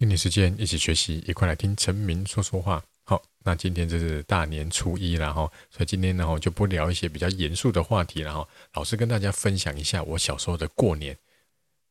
用點時間一起學習，一塊來聽陳明說說話。好，那今天就是大年初一了哈、哦，所以今天呢，我、哦、就不聊一些比較嚴肅的話題啦，然、哦、後老師跟大家分享一下我小時候的過年。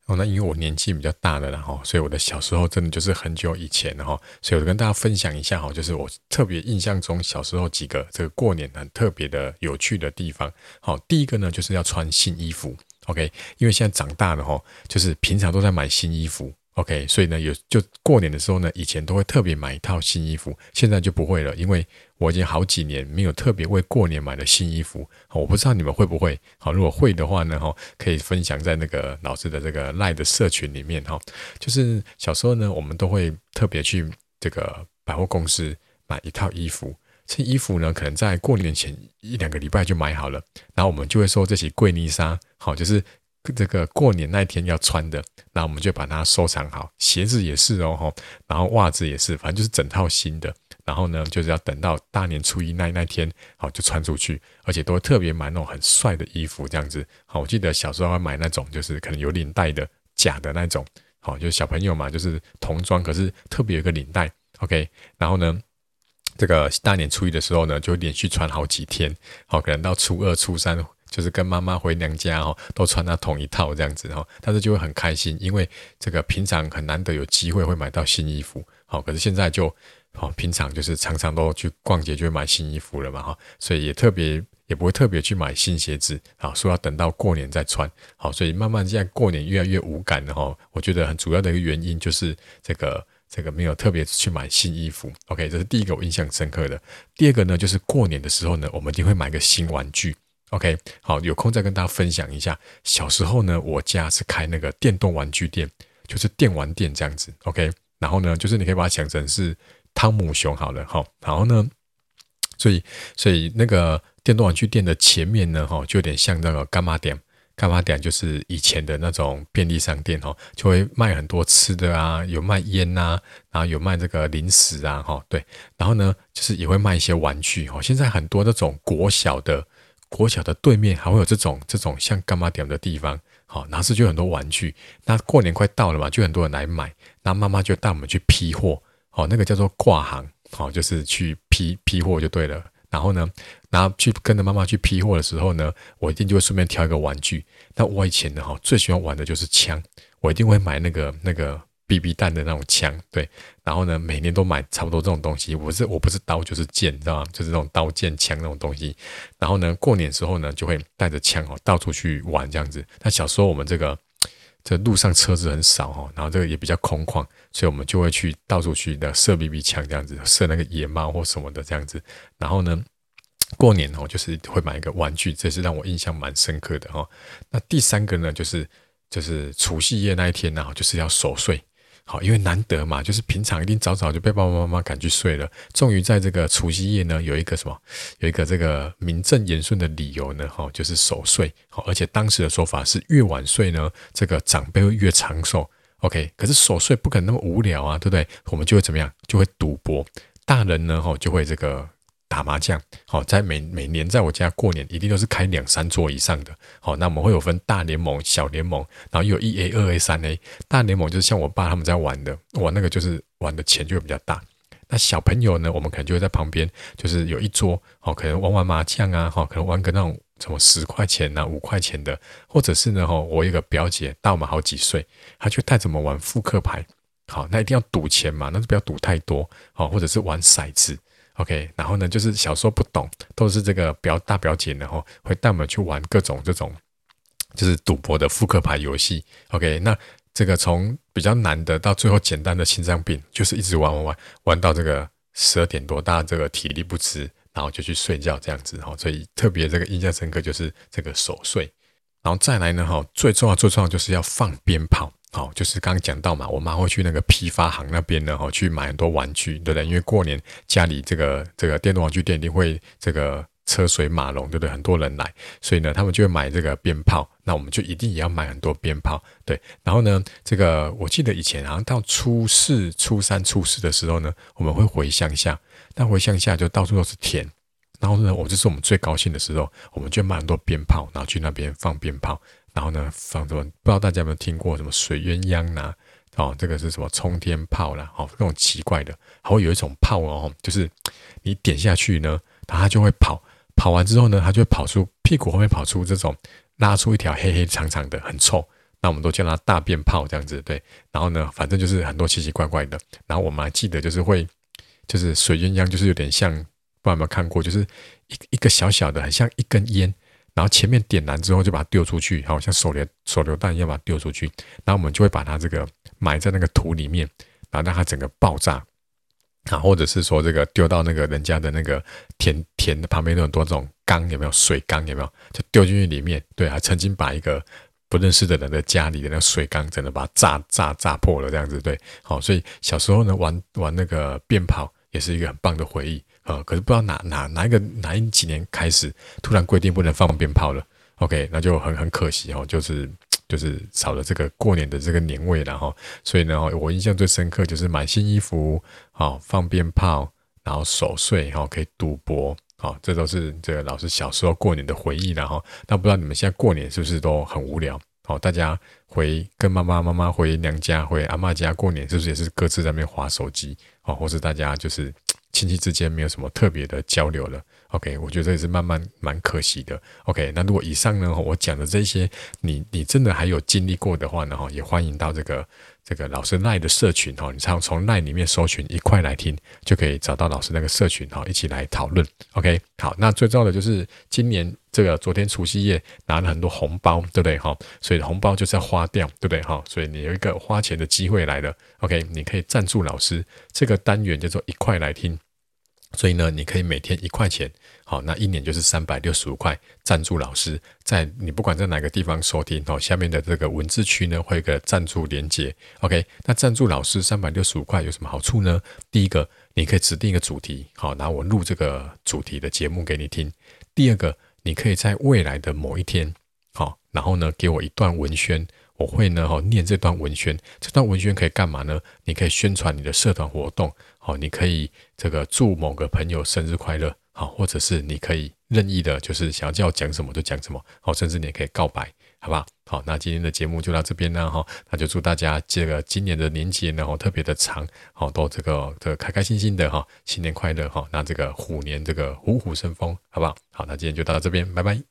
哦，那因為我年紀比較大了，然、哦、後所以我的小時候真的就是很久以前然後、哦、所以我就跟大家分享一下哈、哦，就是我特別印象中小時候幾個這個過年很特別的有趣的地方。好、哦，第一個呢就是要穿新衣服，OK，因為現在長大了哈、哦，就是平常都在買新衣服。OK，所以呢，有就過年的時候呢，以前都會特別買一套新衣服，現在就不會了，因為我已經好幾年沒有特別為過年買了新衣服。哦、我不知道你們會不會好、哦，如果會的話呢，哈、哦，可以分享在那個老師的這個賴的社群裡面哈、哦。就是小時候呢，我們都會特別去這個百貨公司買一套衣服，這衣服呢，可能在過年前一兩個禮拜就買好了，然後我們就會說這些貴泥沙，好、哦，就是。這個過年那天要穿的，那我們就把它收藏好。鞋子也是哦，然後襪子也是，反正就是整套新的。然後呢，就是要等到大年初一那那天，好，就穿出去，而且都會特別買那種很帥的衣服，這樣子。好，我記得小時候會買那種，就是可能有領帶的假的那種，好，就是小朋友嘛，就是童裝，可是特別有個領帶。OK，然後呢，這個大年初一的時候呢，就連續穿好幾天，好，可能到初二、初三。就是跟媽媽回娘家哦，都穿她同一套這樣子哈，但是就會很開心，因為這個平常很難得有機會會買到新衣服，好，可是現在就，哦，平常就是常常都去逛街就會買新衣服了嘛哈，所以也特別也不會特別去買新鞋子，啊，說要等到過年再穿，好，所以慢慢現在過年越來越無感的哈，我覺得很主要的一個原因就是這個這個沒有特別去買新衣服，OK，這是第一個我印象深刻的。第二個呢，就是過年的時候呢，我們一定會買個新玩具。OK，好，有空再跟大家分享一下。小時候呢，我家是開那個電動玩具店，就是電玩店這樣子。OK，然後呢，就是你可以把它想成是湯姆熊好了哈、哦。然後呢，所以所以那個電動玩具店的前面呢，哈、哦，就有點像那個柑仔店。柑仔店就是以前的那種便利商店哈、哦，就會賣很多吃的啊，有賣煙吶、啊，然後有賣這個零食啊哈、哦。對，然後呢，就是也會賣一些玩具哈、哦。現在很多那種國小的。國小的對面還會有這種這種像柑仔店的地方，好，拿出去很多玩具。那過年快到了嘛，就很多人來買。那媽媽就帶我們去批貨，好，那個叫做掛行，好，就是去批批貨就對了。然後呢，然後去跟着媽媽去批貨的時候呢，我一定就會順便挑一個玩具。那我以前呢，好，最喜歡玩的就是槍，我一定會買那個那個。BB 彈的那種槍，對，然後呢，每年都買差不多這種東西。我是我不是刀就是劍，知道嗎？就是那種刀劍槍那種東西。然後呢，過年時候呢，就會帶着槍哦，到處去玩這樣子。那小時候我們這個這路上車子很少哦，然後這個也比較空曠，所以我們就會去到處去的射 BB 槍這樣子，射那個野貓或什麼的這樣子。然後呢，過年哦，就是會買一個玩具，這是讓我印象蠻深刻的哦。那第三個呢，就是就是除夕夜那一天啊，就是要守歲。好，因為難得嘛，就是平常一定早早就被爸爸媽媽趕去睡了。終於在這個除夕夜呢，有一個什麼，有一個這個名正言順的理由呢，哈，哦，就是守歲。好，哦，而且當時的說法是，越晚睡呢，這個長輩會越長壽。OK，可是守歲不可能那麼無聊啊，對不對？我們就會怎麼樣？就會賭博。大人呢，哦，就會這個。打麻將，好、哦，在每每年在我家過年，一定都是開兩三桌以上的。好、哦，那我們會有分大聯盟、小聯盟，然後有一 A、二 A、三 A。大聯盟就是像我爸他們在玩的，我那個就是玩的錢就會比較大。那小朋友呢，我們可能就會在旁邊，就是有一桌，好、哦，可能玩玩麻將啊，哈、哦，可能玩個那種什麼十塊錢吶、啊、五塊錢的，或者是呢，哦、我有一個表姐大我們好幾歲，她就帶着我們玩撲克牌，好、哦，那一定要賭錢嘛，那就不要賭太多，好、哦，或者是玩骰子。OK，然後呢，就是小時候不懂，都是這個表大表姐呢，然後會帶我們去玩各種這種就是賭博的撲克牌遊戲。OK，那這個從比較難的到最後簡單的心臟病，就是一直玩玩玩玩到這個十二點多，大家這個體力不支，然後就去睡覺這樣子。然後所以特別這個印象深刻就是這個守歲，然後再來呢，哈，最重要、最重要就是要放鞭炮。好，就是剛剛講到嘛，我媽會去那個批發行那邊呢，哦，去買很多玩具，對不對？因為過年家裡這個這個電動玩具店一定會這個車水馬龍，對不對？很多人來，所以呢，他們就會買這個鞭炮，那我們就一定也要買很多鞭炮，對。然後呢，這個我記得以前，好像到初四、初三、初四的時候呢，我們會回鄉下，但回鄉下就到處都是田，然後呢，我就是我們最高興的時候，我們就買很多鞭炮，然後去那邊放鞭炮。然後呢，放着，不知道大家有沒有聽過什麼水鴛鴦吶、啊？哦，這個是什麼沖天炮啦？哦，那種奇怪的。還會有一種炮哦，就是你點下去呢，它就會跑，跑完之後呢，它就會跑出屁股後面，跑出這種，拉出一條黑黑長長的，很臭。那我們都叫它大便炮這樣子，對。然後呢，反正就是很多奇奇怪怪的。然後我們還記得，就是會，就是水鴛鴦，就是有點像，不知道有沒有看過，就是一一個小小的，很像一根菸。然後前面點燃之後就把它丟出去，好像手榴手榴彈一樣把它丟出去。然後我們就會把它這個埋在那個土裡面，然後讓它整個爆炸啊，或者是說這個丟到那個人家的那個田田的旁邊有很多這種缸有沒有？水缸有沒有？就丟進去裡面。對啊，還曾經把一個不認識的人的家裡的那個水缸，整個把它炸炸炸破了，這樣子，對。好，所以小時候呢，玩玩那個鞭炮，也是一個很棒的回憶。呃、嗯，可是不知道哪哪哪一個哪一幾年開始突然規定不能放鞭炮了，OK，那就很很可惜哦，就是就是少了這個過年的這個年味了哈、哦。所以呢、哦，我印象最深刻就是買新衣服，好、哦、放鞭炮，然後守歲，然、哦、可以賭博，好、哦，這都是這個老師小時候過年的回憶，然後、哦、但不知道你們現在過年是不是都很無聊？哦，大家回跟媽媽、媽媽回娘家、回阿嬤家過年，是不是也是各自在那邊滑手機？哦，或者大家就是。親戚之間沒有什麼特別的交流了。OK，我覺得這也是慢慢蠻可惜的。OK，那如果以上呢，我講的這些，你你真的還有經歷過的話呢，哈，也歡迎到這個這個老師賴的社群哈，你常常從從賴裡面搜尋一塊來聽，就可以找到老師那個社群哈，一起來討論。OK，好，那最重要的就是今年這個昨天除夕夜拿了很多紅包，對不對哈？所以紅包就是要花掉，對不對哈？所以你有一個花錢的機會來了。OK，你可以贊助老師這個單元叫做一塊來聽。所以呢，你可以每天一塊錢，好，那一年就是三百六十五塊。贊助老師，在你不管在哪個地方收聽，好，下面的這個文字區呢，會有一個贊助連結。OK，那贊助老師三百六十五塊有什麼好處呢？第一個，你可以指定一個主題，好，拿我錄這個主題的節目給你聽。第二個，你可以在未來的某一天，好，然後呢，給我一段文宣。我會呢、哦，念這段文宣，這段文宣可以幹嘛呢？你可以宣傳你的社團活動，好、哦，你可以這個祝某個朋友生日快樂，好、哦，或者是你可以任意的，就是想要叫我講什麼就講什麼，好、哦，甚至你也可以告白，好吧？好、哦，那今天的節目就到這邊啦哈、哦，那就祝大家這個今年的年節呢，哦、特別的長，好、哦，都這個這個、開開心心的哈、哦，新年快樂哈、哦，那這個虎年這個虎虎生風，好不好？好，那今天就到這邊，拜拜。